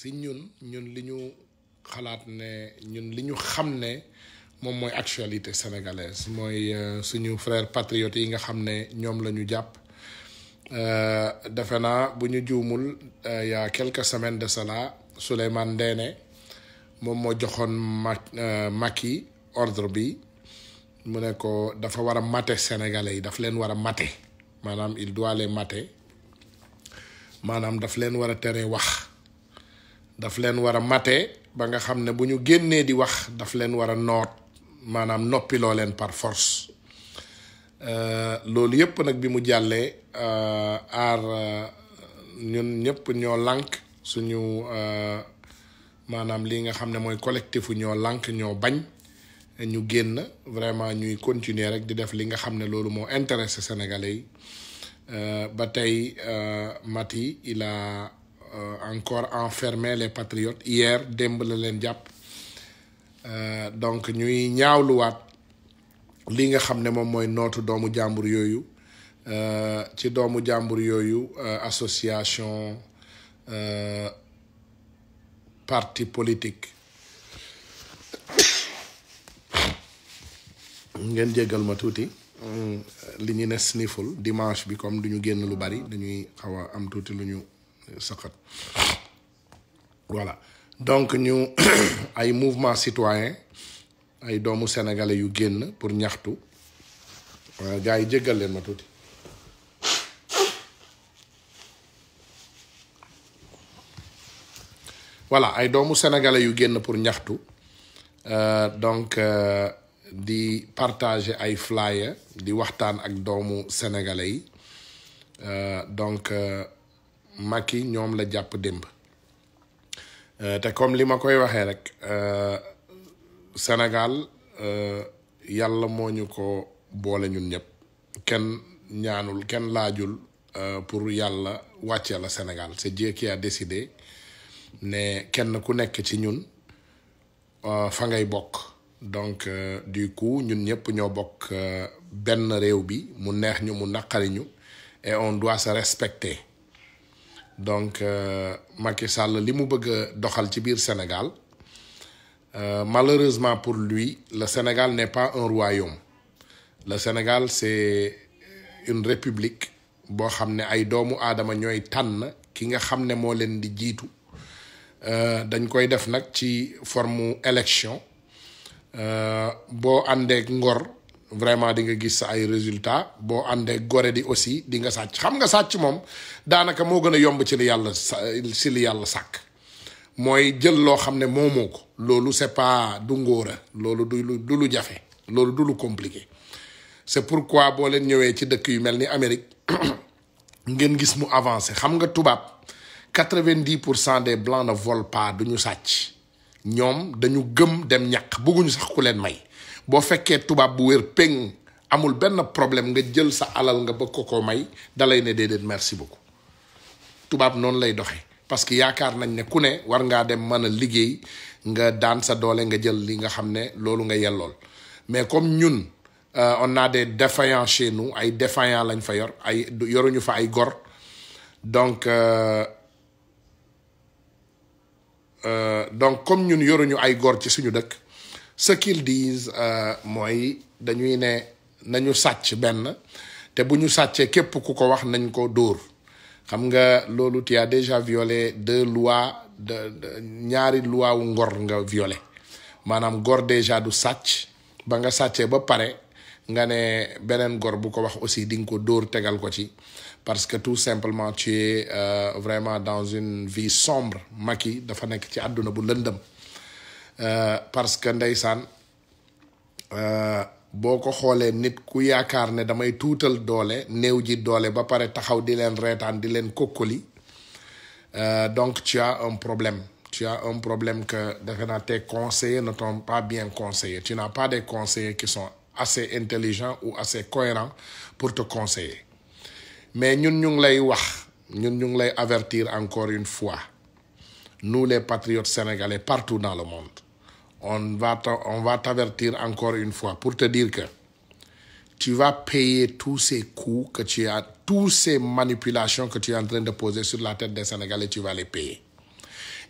si ñun ñun li ñu xalaat ne ñun li ñu xam ne moom mooy actualité sénégalaise mooy euh, suñu frère patriote yi nga xam ne ñoom la ñu jàpp euh, defe naa bu ñu juumul euh, y quelque quelques semaines de cela Souleymane Ndéné moom moo joxoon ma Macky ordre bi mu ne ko dafa war a mate sénégalais yi daf leen war a mate maanaam il doit les mater maanaam daf leen war a tere wax daf leen war a mate ba nga xam ne bu ñu génnee di wax daf leen war a noot maanaam noppiloo leen par force euh, loolu yëpp nag bi mu jàllee euh, aar euh, ñun ñëpp ñoo lànk suñu maanaam li nga xam ne mooy collectifu ñoo lànk ñoo bañ ñu génn vraiment ñuy continuer rek di def li nga xam ne loolu moo intéressé sénégalais yi Euh, ba tey euh, Maty il a euh, encore enfermé les patriotes hier démb la Donc, nous donc ñuy ñaawluwaat li nga xam ne moom notre nootu doomu jàmbur yooyu ci doomu jàmbur association parti politique ngeen jéggal ma tuuti Euh, li ñu ne sniful dimanche bi comme duñu génn lu bari dañuy xaw a am tuuti lu ñu euh, sëqat voilà donc ñu ay mouvement citoyen ay doomu sénégalais yu génn pour ñaxtu gars yi jéggal tuuti voilà ay doomu sénégalais yu génn pour ñaxtu euh, donc di partager ay flyer di waxtaan ak doomu sénégalais yi euh, donc euh, Macky ñoom la jàpp démb euh, te comme li ma koy waxee rek Sénégal yàlla moo ñu ko boole ñun ñëpp kenn ñaanul kenn laajul pour yàlla wàccee la Sénégal c'est Dieu qui décidé ne kenn ku nekk ci ñun fa ngay bokk donc euh, du coup ñun ñëpp ñoo bokk euh, benn réew bi mu neex ñu mu et on doit se respecter donc euh, Macky Sall li mu bëgg doxal ci biir Sénégal malheureusement pour lui le Sénégal n'est pas un royaume le Sénégal c'est une république boo xam ne ay doomu aadama ñooy tànn ki nga xam ne moo leen di jiitu dañ koy def nag ci forme élection Euh, boo àndeek ngor vraiment di nga gis ay résultat boo àndeek gore di aussi di nga sàcc xam nga sàcc moom daanaka moo gën a yomb ci li yàlla si yàlla sàkk mooy jël loo xam ne moomoo ko loolu c'est pas du ngóora loolu du lu du lu jafe loolu du lu compliqué c'est pourquoi boo leen ñëwee ci dëkk yu mel ni Amérique ngeen gis mu avancé xam nga tubaab quatre-vingt-dix pour cent des blancs ne volent pas du ñu sàcc Nous, dañu gëm dem ñàkk Nous sax ku leen may boo fekkee tubaab bu wér peng amul problème nga jël sa alal nga merci beaucoup parce que nañ war dem nga sa doole nga jël li nga mais comme ñun euh, on a des défaillants chez nous ay défaillants lañ fa yor ay yoruñu gor donc euh, Euh, donc comme ñun yoruñu ay gor ci suñu dëkk ce qu'ils disent euh, mooy dañuy ne nañu sàcc benn te bu ñu sàccee képp ku ko wax nañ ko dóor xam nga loolu tu as déjà violé deux lois de ñaari loi wu ngor nga violé maanaam gor déjà du sàcc ba nga sàccee ba pare nga ne beneen gor bu ko wax aussi di nga ko dóor tegal ko ci parce que tout simplement tu es euh, vraiment dans une vie sombre Macky dafa que ci es bu lëndëm euh, parce que ndaysan euh boko xolé nit ku damay toutal doole ji ba pare taxaw di len retane di kokoli euh, donc tu as un problème tu as un problème que tes conseillers ne t'ont pas bien conseillé tu n'as pas des conseillers qui sont assez intelligents ou assez cohérents pour te conseiller mais nous, nous lay avertir encore une fois nous les patriotes sénégalais partout dans le monde on va t'avertir encore une fois pour te dire que tu vas payer tous ces coûts que tu as tous ces manipulations que tu es en train de poser sur la tête des Sénégalais tu vas les payer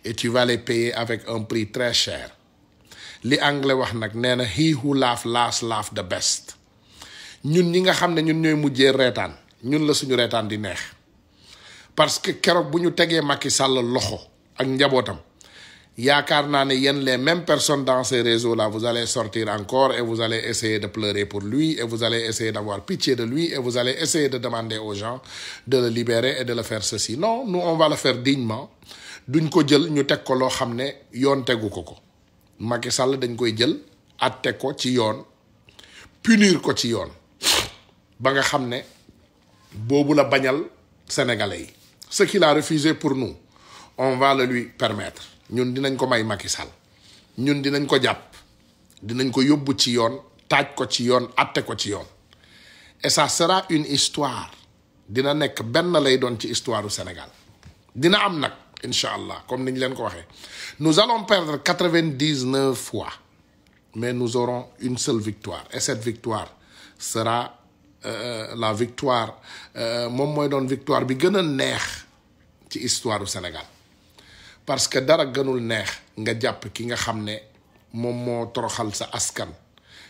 et tu vas les payer avec un prix très cher Les anglais wax he who laughs last laughs the best Nous, ñi ñun la suñu reetaan di neex parce que keroog bu ñu tegee Macky Sall loxo ak njabootam yaakaar naa ne yéen les mêmes personnes dans ces réseaux là vous allez sortir encore et vous allez essayer de pleurer pour lui et vous allez essayer d'avoir pitié de lui et vous allez essayer de demander aux gens de le libérer et de le faire ceci non nous on va le faire dignement duñ ko jël ñu teg ko loo xam ne yoon tegu ko ko Macky Sall dañ koy jël atte ko ci yoon punir ko ci yoon ba nga xam ne Bobou la bagnal sénégalais ce qu'il a refusé pour nous on va le lui permettre ñun dinañ ko may Macky Sall ñun dinañ ko japp. dinañ ko yobbu ci yoon taaj ko ci yoon atté ko ci yoon et ça sera une histoire dina nek ben lay don ci histoire du Sénégal dina am nak inshallah comme nous leen ko waxé. nous allons perdre 99 fois mais nous aurons une seule victoire et cette victoire sera euh, la victoire euh, mon moy don victoire bi gën neex ci histoire du Sénégal parce que dara gënul neex nga japp ki nga xamné mom mo toroxal sa askan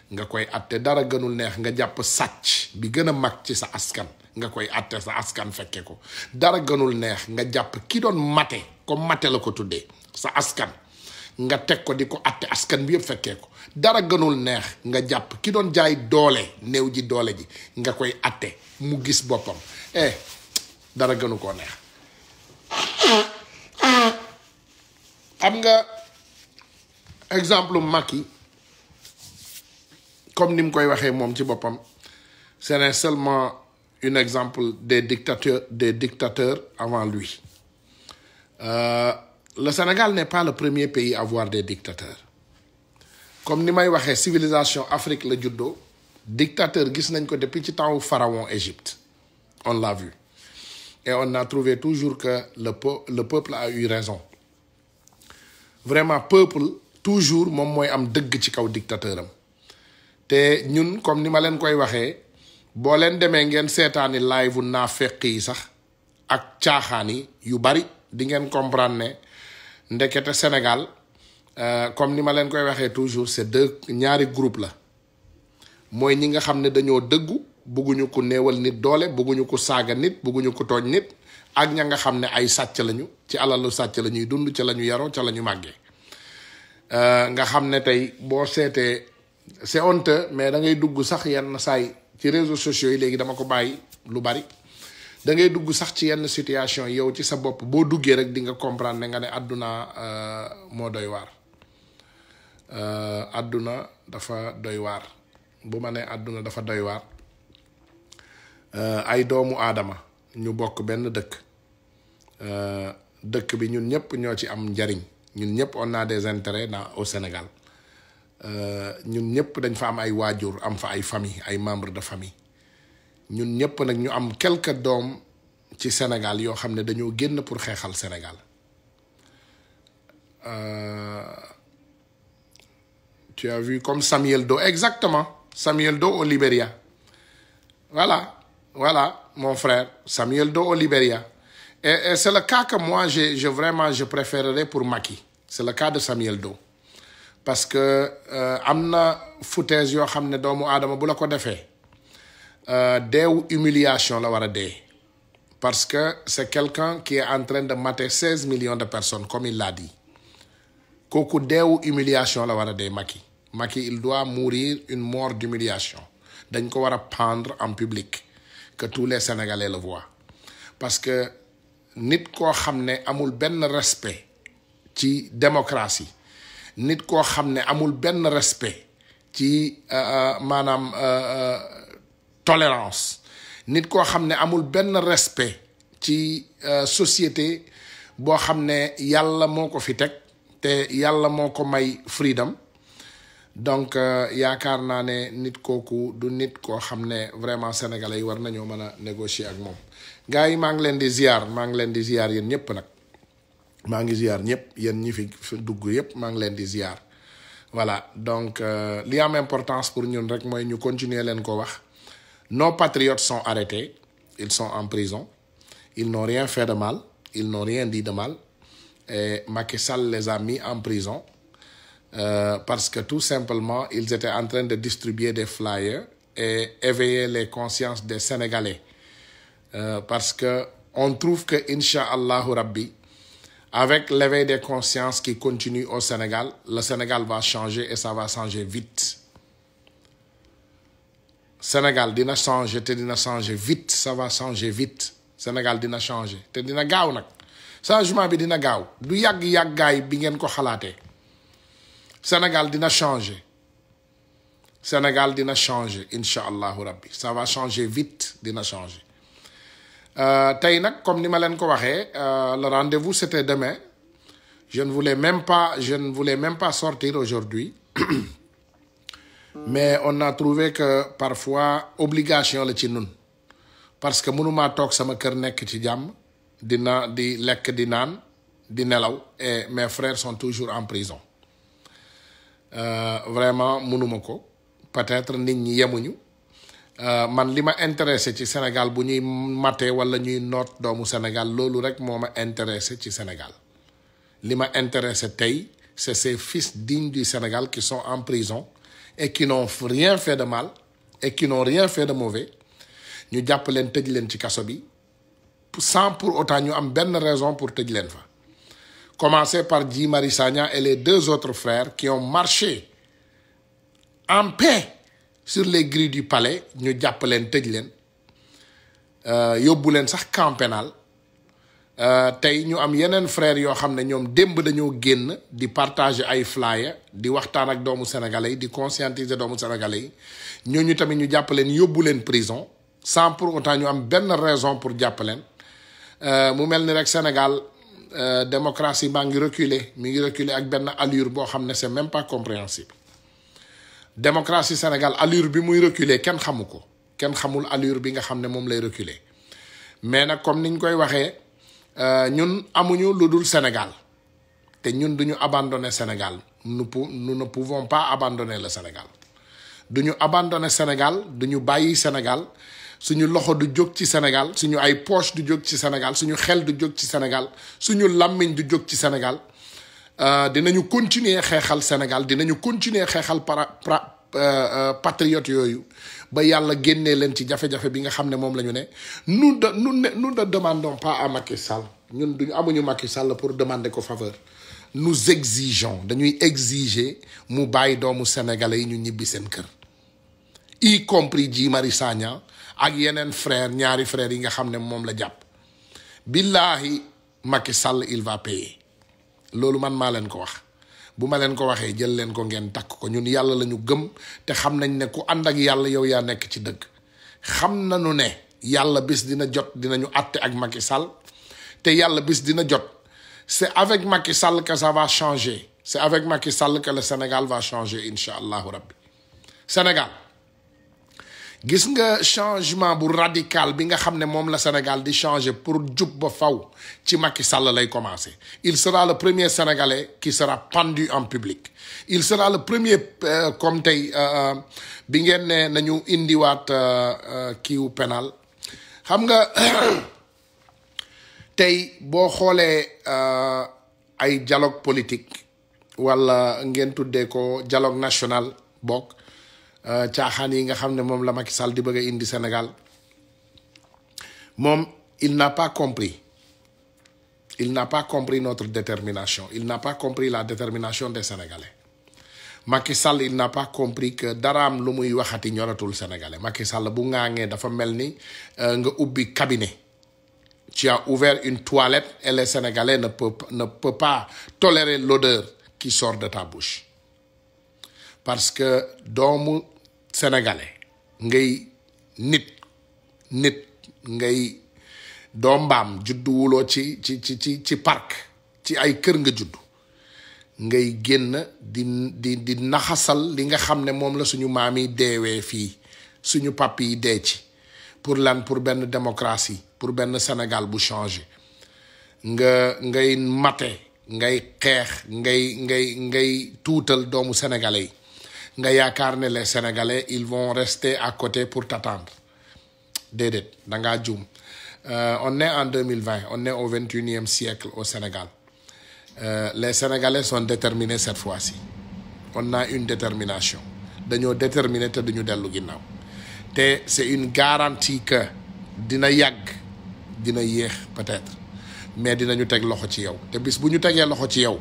nga koy atte dara gënul neex nga japp sàcc bi gëna mag ci sa askan nga koy atte sa askan fekke ko dara gënul neex nga japp ki don mate comme maté la ko sa askan nga tek ko di ko atte askan bi yëpp dara gënul neex nga jàpp ki doon jaay doole néew ji doole ji nga koy atte mu gis boppam eh dara gënu koo neex am nga exemple makki comme ni mu koy waxee moom ci boppam ce seulement un exemple des dictateurs des dictateurs avant lui euh, le Sénégal n'est pas le premier pays à avoir des dictateurs comme ni may la civilisation Afrique la Le dictateur gis nañ ko depuis ci temps pharaon Égypte on l'a vu et on a trouvé toujours que le peuple a eu raison vraiment peuple toujours mom moy am deug ci kaw dictateur té ñun comme ni ma leen koy waxé bo leen démé ngeen sétani live fait sax ak tiaxani yu bari di ngeen comprendre Sénégal Euh, comme ni ma leen koy waxee toujours c'est deux ñaari groupe la mooy ñi nga xam ne dañoo dëggu bëgguñu ko néewal nit doole bëgguñu ko saaga nit bëgguñu ko tooñ nit ak ña nga xam ne ay sàcc lañu ci alalu sàcc la ñuy dund ca la ñu yaroo ca la ñu màggee euh, nga xam ne tey boo seetee c'est honteux mais da ngay dugg sax yenn saay ci réseau sociaux yi léegi dama ko bàyyi lu bari da ngay dugg sax ci yenn situation yow ci sa bopp boo duggee rek di nga comprendre ne nga ne àdduna euh, moo doy waar adduna euh, dafa doy waar bu ma nee àdduna dafa doy waar euh, ay doomu aadama ñu bokk benn dëkk euh, dëkk bi ñun ñëpp ñoo ci am njariñ ñun ñëpp on a des intérêts dans au Sénégal ñun ñëpp dañ fa am ay waajur am fa ay famille ay membres de famille ñun ñëpp nag ñu am quelques doom ci Sénégal yoo xam ne dañoo génn pour xeexal Sénégal. Tu as vu comme Samuel Do. exactement. Samuel Doe au Liberia. Voilà, voilà, mon frère, Samuel Doe au Libéria. Et, c'est le cas que moi, je, vraiment, je préférerais pour Maki. C'est le cas de Samuel Doe. Parce que amna yo adama humiliation parce que c'est quelqu'un qui est en train de mater 16 millions de personnes comme il l'a dit kooku humiliation la qui il doit mourir une mort d'humiliation dañ ko war en public que tous les Sénégalais le voient parce que nit ko xam amul ben respect ci démocratie nit ko xam amul ben respect ci euh, euh, euh, euh tolérance nit ko xam amul le respect ci société bo xam yalla moko fi tek te yalla moko may freedom donc euh, yaakaar naa ne nit kooku du nit koo xam ne vraiment sénégalais yi war nañoo mën négocier ak moom gars yi maa ngi leen di ziar maa ngi leen di ziar yéen ñëpp nag maa ngi ziar ñëpp yéen ñi fi dugg yëpp maa ngi leen di ziar voilà donc euh, li am importance pour ñun rek mooy ñu continuer leen ko wax nos patriotes sont arrêtés ils sont en prison ils n'ont rien fait de mal ils n'ont rien dit de mal et Macky Sall les a mis en prison euh, parce que tout simplement, ils étaient en train de distribuer des flyers et éveiller les consciences des Sénégalais. Euh, parce que on trouve que, Inch'Allah Rabbi, avec l'éveil des consciences qui continue au Sénégal, le Sénégal va changer et ça va changer vite. Sénégal dina changer te dina changer vite ça va changer vite Sénégal dina changer te dina gaw nak. changement bi dina gaw. du bi ko Sénégal dina changer Sénégal dina changer Inch'Allah rabbi ça va changer vite dina changer Euh, comme ni ma leen euh, le rendez-vous c'était demain je ne voulais même pas je ne voulais même pas sortir aujourd'hui mais on a trouvé que parfois obligation le ci parce que mon Tok, sama kër nekk ci jàmm dina di lek di naan di nelaw et mes frères sont toujours en prison euh, vraiment mënuma ko peut-être nit ñi euh man li ma intéressé ci Sénégal bu ñuy maté wala ñuy note doomu Sénégal loolu rek moma ma intéressé ci Sénégal li ma intéressé tay c'est ces fils dignes du Sénégal qui sont en prison et qui n'ont rien fait de mal et qui n'ont rien fait de mauvais ñu japp leen tej leen ci kasso bi sans pour autant ñu am benn raison pour tej leen fa commencé par Di Marius et les deux autres frères qui ont marché en paix sur les grilles du palais ñu jàpp leen tëj leen euh, sax camp pénal euh, Tay, ñu am yenen frères yo xam ñom demb dañu de di partager ay flyers di waxtaan ak doomu sénégalais di conscientiser doomu sénégalais yi ñooñu tamit ñu jàpp leen prison sans pour autant ñu am ben raison pour jàpp euh mu melni rek Sénégal. Euh, démocratie baa ngi reculer mi ngi reculer ak allure bo xamné c'est même pas compréhensible démocratie Sénégal allure bi muy reculer kenn xamu ko xamul allure bi nga xamné ne lay reculer mais comme niñ koy waxee euh, ñun amuñu lu Sénégal Té ñun duñu abandonner Sénégal nous ne pouvons pas abandonner le Sénégal duñu abandonner Sénégal duñu le Sénégal suñu loxo du jóg ci Sénégal suñu ay poche du jóg ci Sénégal suñu xel du jóg ci Sénégal suñu làmmiñ du jóg ci Sénégal euh, dinañu continuer xeexal Sénégal dinañu continuer xeexal para euh, euh, patriotes yooyu ba yàlla génnee leen ci jafe-jafe bi nga xam ne moom la ne nous de nous ne ne demandons pas à Macky Sall ñun duñu amuñu Macky Sall pour demander ko faveur nous exigeons dañuy exiger mu bàyyi doomu sénégalais yi ñu ñibbi seen kër y compris Guy Marius Sagna ak yeneen frère ñaari frère yi nga xam ne moom la jàpp billaahi Macky Sall il va payer loolu man maa leen ko wax bu ma leen ko waxee jël leen ko ngeen takk ko ñun yàlla la ñu gëm te xam nañ ne ku ànd ak yàlla yow yaa nekk ci dëgg xam nañu ne yàlla bis dina jot dina ñu àtte ak Macky Sall te yàlla bis dina jot c'est avec makki Sall que ça va changer c'est avec Macky Sall que le Sénégal va changer incha allahu rabbi Sénégal gis nga changement bu radical bi nga xam mom la Sénégal di changer pour jub ba faw ci Macky Sall lay commencer il sera le premier Sénégalais qui sera pendu en public il sera le premier euh, comme tay euh, euh, bi ngeen ne nañu indiwaat kiiwu pénal xam nga tay bo xolé ay dialogue politique wala ngeen tuddé ko dialogue national bok euh, caaxaan yi nga xam ne moom la Macky Sall di bëgg indi Sénégal moom il n'a pas compris il n'a pas compris notre détermination il n'a pas compris la détermination des Sénégalais Macky Sall il n'a pas compris que daraam lu muy waxati ñoratul Sénégalais Macky Sall bu ŋaaŋee dafa mel ni euh, nga ubbi cabinet tu as ouvert une toilette et les Sénégalais ne peuvent ne peut pas tolérer l'odeur qui sort de ta bouche parce que doomu sénégalais ngay nit nit ngay mbaam judduwuloo ci ci ci ci park ci ay kër nga juddu ngay génn di di naxasal li nga xam ne moom la suñu maam yi deewee fii suñu papp yi dee ci pour lan pour benn démocratie pour benn Sénégal bu changé nga ngay mate ngay xeex ngay ngay ngay tuutal doomu sénégalais yi nga les sénégalais ils vont rester à côté pour t'attendre euh, on est en 2020 on est au 21e siècle au Sénégal euh, les sénégalais sont déterminés cette fois-ci on a une détermination dañoo déterminé déterminer, de nous ginnaaw c'est une garantie que dina yag, dina yeh peut-être mais dinañu nous loxo ci yow te bis bu ñu tegee loxo ci yow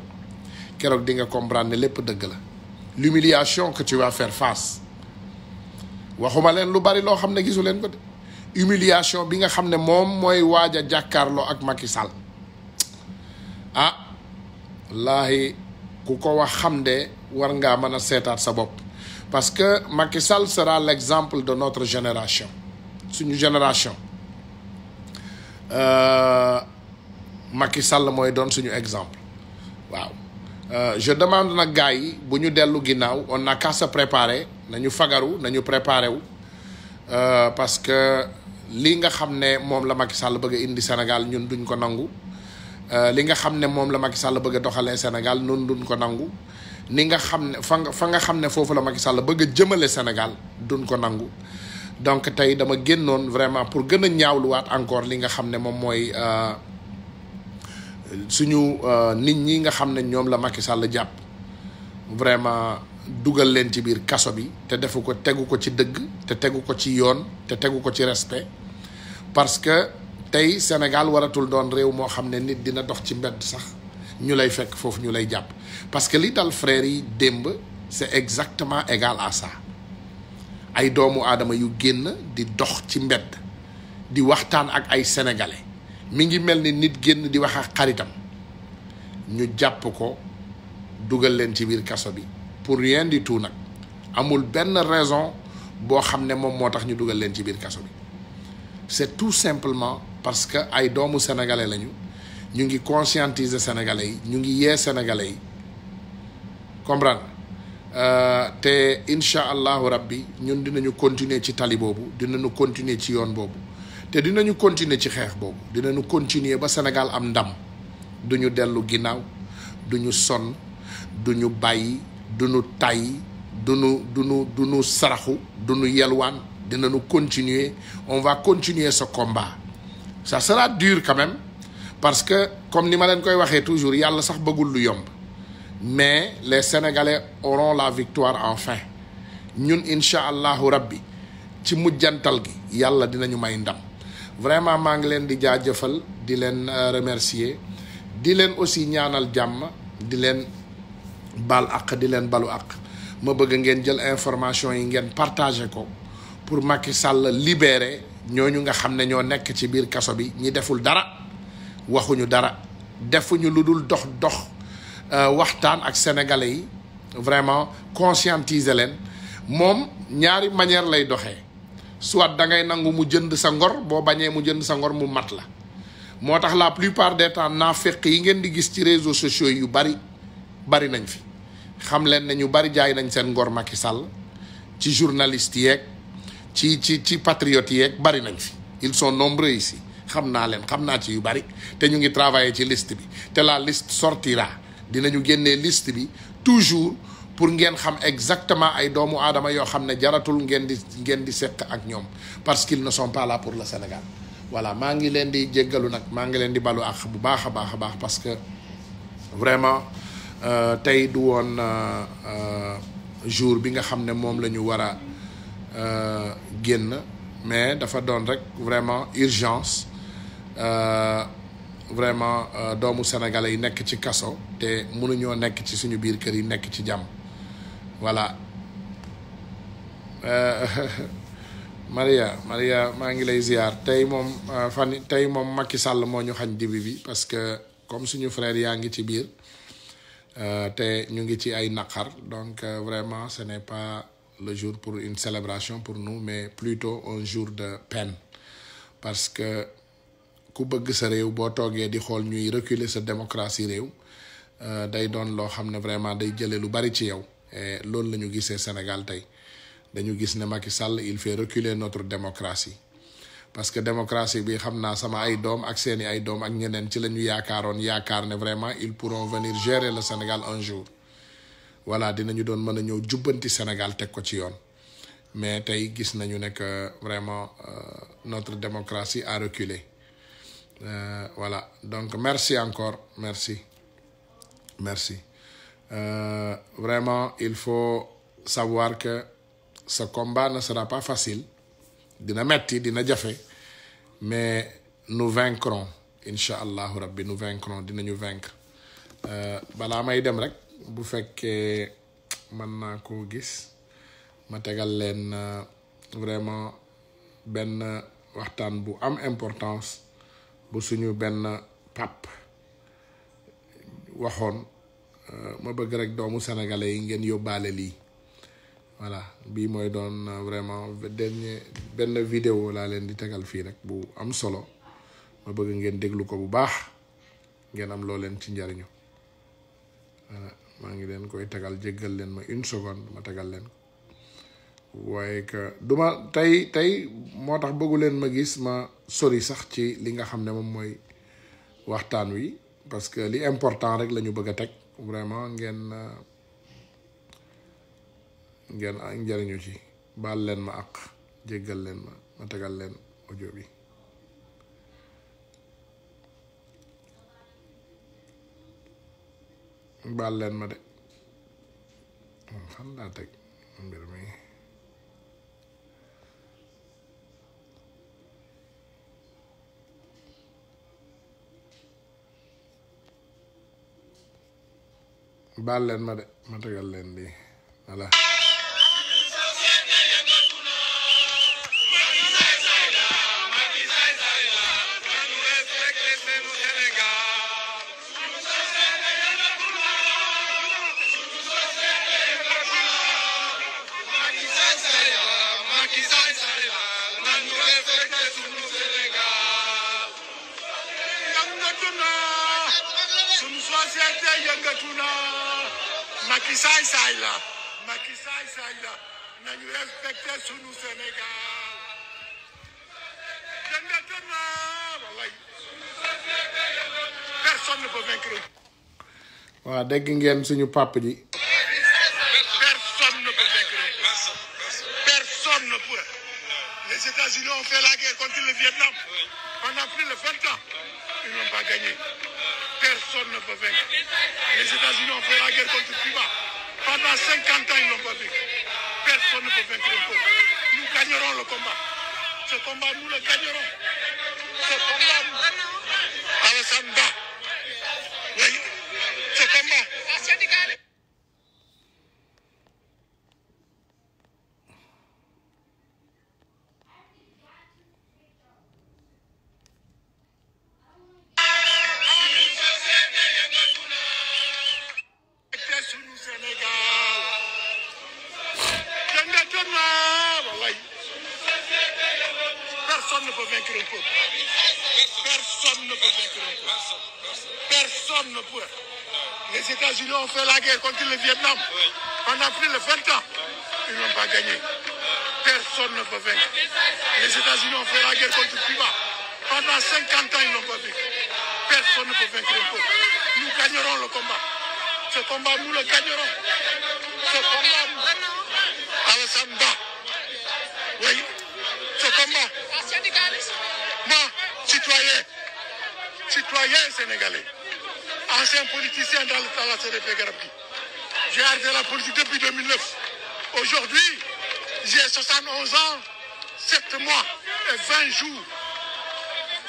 di nga comprendre ne lépp dëgg l'humiliation que tu vas faire face waxuma leen lu bari loo xam ko humiliation bi nga xam ne moom mooy a ak Macky Sall ah wallaahi kuko wax xam war ngaa sa parce que Macky Sall sera l'exemple de notre génération suñu génération euh, Macky Sall mooy doon suñu exemple wow Euh, je demande nag gars yi bu ñu dellu ginnaaw on n'a sa se préparer ñu fagaru nañu préparer wu euh, parce que li nga xam ne moom la Macky Sall bëgg indi Sénégal ñun duñ ko nangu euh, li nga xam ne moom la Macky Sall bëgg a doxalee Sénégal ñun duñ ko nangu ni nga xam ne fa nga fa nga xam ne foofu la Macky Sall bëgg a jëmale Sénégal duñ ko nangu donc tey dama génnoon vraiment pour gën a ñaawluwaat encore li nga xam ne moom mooy suñu euh, nit ñi nga xam ne ñoom la Macky Sall jàpp vraiment dugal leen ci biir kaso bi te defu ko tegu ko ci dëgg te tegu ko ci yoon te tegu ko ci respect parce que tey Sénégal waratul doon réew moo xam ne nit dina dox ci mbedd sax ñu lay fekk foofu ñu lay jàpp parce que li dal frères yi démb c'est exactement égal à ça ay doomu aadama yu génn di dox ci mbedd di waxtaan ak ay sénégalais Mingi melni mel ni nit génn di wax ak xaritam ñu jàpp ko dugal leen ci biir kaso bi pour rien du tout nag amul benn raison boo xam ne moom moo tax ñu dugal leen ci biir kaso bi c'est tout simplement parce que ay doomu sénégalais lañu ñu ngi conscientiser sénégalais yi ñu ngi yee sénégalais yi comprendre euh, te incha allahu rabbi ñun dinañu continuer ci tali boobu dinañu continuer ci yoon boobu nous allons continuer ce nous Nous allons continuer le Sénégal nous... ndam continuer on va continuer ce combat ça sera dur quand même parce que comme ni ma leen koy il toujours a sax bëggul mais les sénégalais auront la victoire enfin Nous... Inch'Allah... rabbi ci mujjantal dinañu vraiment maa ngi leen di jaajëfal di leen euh, remercier di leen aussi ñaanal jàmm di leen baal àq di leen balu àq ma bëgg ngeen jël information yi ngeen partagé ko pour mag Macky Sall libéré ñooñu nga xam ne ñoo nekk ci biir kaso bi ñi deful dara waxuñu dara defuñu lu dul dox dox euh, waxtaan ak sénégalais yi vraiment conscientiser leen moom ñaari manière lay doxee soit da nangu mu jënd sa ngor boo bañee mu jënd sa ngor mu mat la moo tax la plupart des temps naafeq yi ngeen di gis ci réseaux sociaux yu bari bari nañ fi xam leen ne ñu bari jaay nañ seen ngor Macky Sall ci journalistes yeeg ci ci ci patriotes yeeg bari nañ fi ils sont nombreux ici xam naa leen xam naa ci yu bari te ñu ngi travailler ci liste bi te la liste sortira dinañu génnee liste bi toujours pour ngeen xam exactement ay doomu aadama yoo xam ne jaratul ngeen di ngeen di seq ak ñoom parce qu'ils ne sont pas là pour la Sénégal voilà maa ngi leen di jéggalu nag maa ngi leen di balu ak bu baax a baax a baax parce que vraiment euh, tey du woon euh, euh, jour bi nga xam ne moom la ñu war a génn mais dafa doon rek vraiment urgence vraiment doomu sénégalais yi nekk ci kaso te mënuñoo nekk ci suñu biir kër yi nekk ci jàmm voilà euh, Maria Maria maa ngi lay ziar tey moom euh, fan tey moom Macky Sall moo ñu xañ dibi bi parce que comme suñu frère yaa ngi ci biir euh, te ñu ngi ci ay naqar donc vraiment ce n'est pas le jour pour une célébration pour nous mais plutôt un jour de peine parce que ku bëgg sa réew boo toogee di xool ñuy reculer sa démocratie réew day doon loo xam ne vraiment day jëlee lu bari ci yow Eh, loolu la ñu gisee Sénégal tey dañu gis ne Macky Sall il fait reculer notre démocratie parce que démocratie bi xam naa sama ay doom ak seeni ay doom ak ñeneen ci la ñu yaakaaroon yaakaar ne vraiment ils pourront venir gérer le Sénégal un jour voilà dinañu doon mën a ñëw jubbanti Sénégal teg ko ci yoon mais tey gis nañu ne que vraiment euh, notre démocratie a reculé euh, voilà donc merci encore merci merci euh, vraiment, il faut savoir que ce combat ne sera pas facile. Dina metti, dina jafé, mais nous vaincrons. Inch'Allah, Rabbi, nous vaincrons, dina nous vaincre. Euh, Bala may dem rek bu fekkee mën naa koo gis ma tegal len euh, vraiment ben waxtan bu am importance bu suñu ben pap waxone Euh, ma bëgg rek doomu sénégalais yi ngeen yóbbaale lii voilà bii mooy doon euh, vraiment dernier benn video laa leen di tegal fii rek bu am solo ma bëgg ngeen déglu ko bu baax ngeen am loo leen ci njariñu maa ngi leen koy tegal jéggal leen ma une seconde ma tegal leen waaye que duma tey tey moo tax bëggu leen ma gis ma soli sax ci li nga xam ne moom mooy waxtaan wi parce que li important rek lañu bëgg a teg vraiment ngeen euh, ngeen njariñu ci baal leen ma ak jéggal leen ma ma tegal leen audio bi baal leen ma de xam naa teg mbir mi baal leen ma de ma tegal leen lii ala personne ne peut vaincre. personne ne peut. les États-Unis ont fait la guerre contre le Vietnam pendant plus le 20 ans ils n'ont pas gagné. personne ne peut vaincre. les États-Unis ont fait la guerre contre Cuba pendant 50 ans ils n'ont pas vaincu. personne ne peut vaincre nous gagnerons le combat. ce combat nous le gagnerons. ce combat nous. Personne ne peut vaincre un peuple. Personne ne peut vaincre un peuple. Personne ne peut. Les États-Unis ont fait la guerre contre le Vietnam pendant plus de 20 ans. Ils n'ont pas gagné. Personne ne peut vaincre. Les États-Unis ont fait la guerre contre Cuba. Pendant 50 ans, ils n'ont pas vaincu. Personne ne peut vaincre un peuple. Nous gagnerons le combat. Ce combat, nous le gagnerons. Ce combat, nous. Alessandra. Oui. Ce combat. Moi, citoyen, citoyen sénégalais, ancien politicien dans, de la CDP j'ai arrêté la politique depuis 2009. Aujourd'hui, j'ai 71 ans, 7 mois et 20 jours.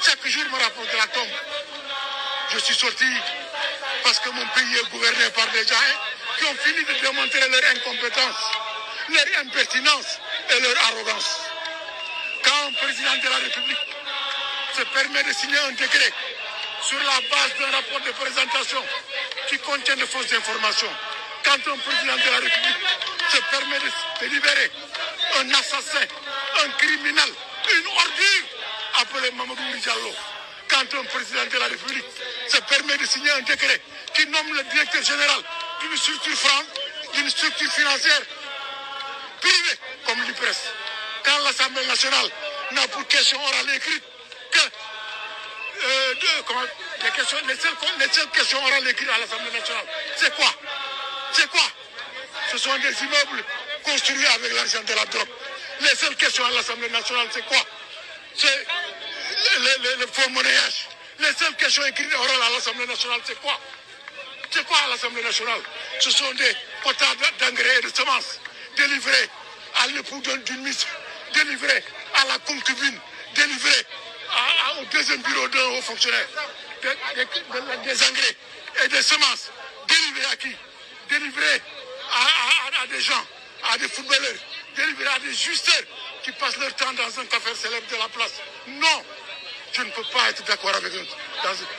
Chaque jour, me rapporte la tombe. Je suis sorti parce que mon pays est gouverné par des gens qui ont fini de démontrer leur incompétence, leur impertinence et leur arrogance président de la République se permet de signer un décret sur la base d'un rapport de présentation qui contient de fausses informations. Quand un président de la République se permet de, libérer un assassin, un criminel, une ordure, appelée Mamadou Diallo, quand un président de la République se permet de signer un décret qui nomme le directeur général d'une structure franc, d'une structure financière privée comme l'IPRES, quand l'Assemblée nationale non, pour question orale écrite, que euh, les, questions, seules, questions orales écrites à l'Assemblée nationale, c'est quoi C'est quoi Ce sont des immeubles construits avec l'argent de la drogue. Les seules questions à l'Assemblée nationale, c'est quoi C'est le, faux monnayage. Les seules questions écrites orales à l'Assemblée nationale, c'est quoi C'est quoi à l'Assemblée nationale Ce sont des potards d'engrais et de semences délivrés à l'époux d'une mission, délivrée à la concubine délivrée au deuxième bureau d'un haut fonctionnaire des, engrais et des semences délivrer à qui Délivré à, des gens, à des footballeurs, délivrer à des justeurs qui passent leur temps dans un café célèbre de la place. Non, tu ne peux pas être d'accord avec eux.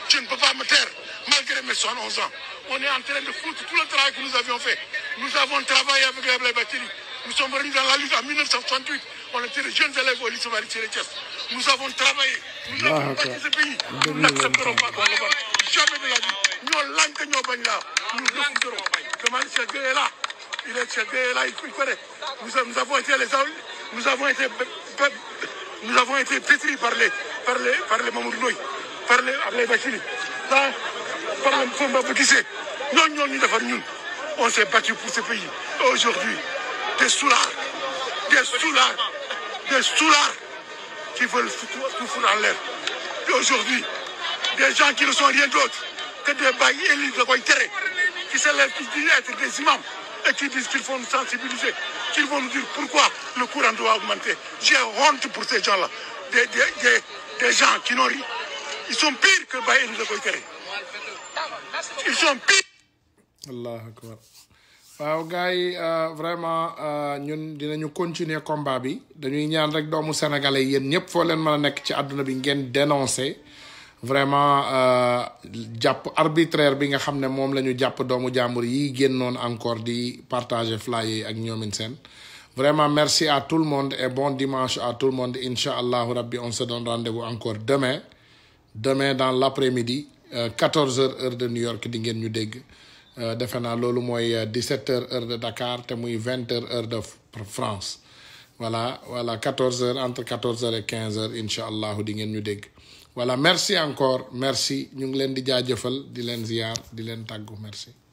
Tu ne peux pas me taire, malgré mes 11 ans. On est en train de foutre tout le travail que nous avions fait. Nous avons travaillé avec les batteries. Nous sommes venus dans la lutte en 1968 on était les jeunes élèves au lycée Marie Thiès. Nous avons travaillé, nous avons ah, bâti ce pays. Nous n'accepterons pas qu'on revanche. Jamais de la vie. Nous langue que nous là. Nous refuserons. Ce Marie est là. Il est est là, il connaît. Nous, avons été les nous avons été nous avons été pétris par les par les par les Mamoudouï, par les Ablaï Bachili, par le Fomba Boutissé. Non, non, ni avons nous. On s'est battu pour ce pays. Aujourd'hui, des là des sous-là des soulards qui veulent nous foutre en l'air. Et aujourd'hui, des gens qui ne sont rien d'autre que des bails de Guaïtéré, qui se lèvent, qui disent être des imams et qui disent qu'ils vont nous sensibiliser, qu'ils vont nous dire pourquoi le courant doit augmenter. J'ai honte pour ces gens-là, des, des, des, gens qui n'ont rien. Ils sont pires que les de Guaïtéré. Ils sont pires. Allah Akbar waaw gars yi euh, vraiment euh, ñun dinañu continuer combat bi dañuy ñaan rek doomu sénégalais yéen ñëpp foo leen mën a nekk ci àdduna bi ngeen dénoncer. vraiment euh, jàpp arbitraire bi nga xam ne moom la ñu jàpp doomu jàmbur yi génnoon encore di partager flyer ak ñoomin seen vraiment merci à tout le monde et bon dimanche à tout le monde incha allahu rabbi on se donne rendez-vous encore demain demain dans l'après-midi 14 heures heure de New York di ngeen ñu dégg euh, defe 17 euh, h de Dakar 20 heures de France voilà 14 heures entre 14 h et 15 h incha di voilà merci encore merci ñu ngi di merci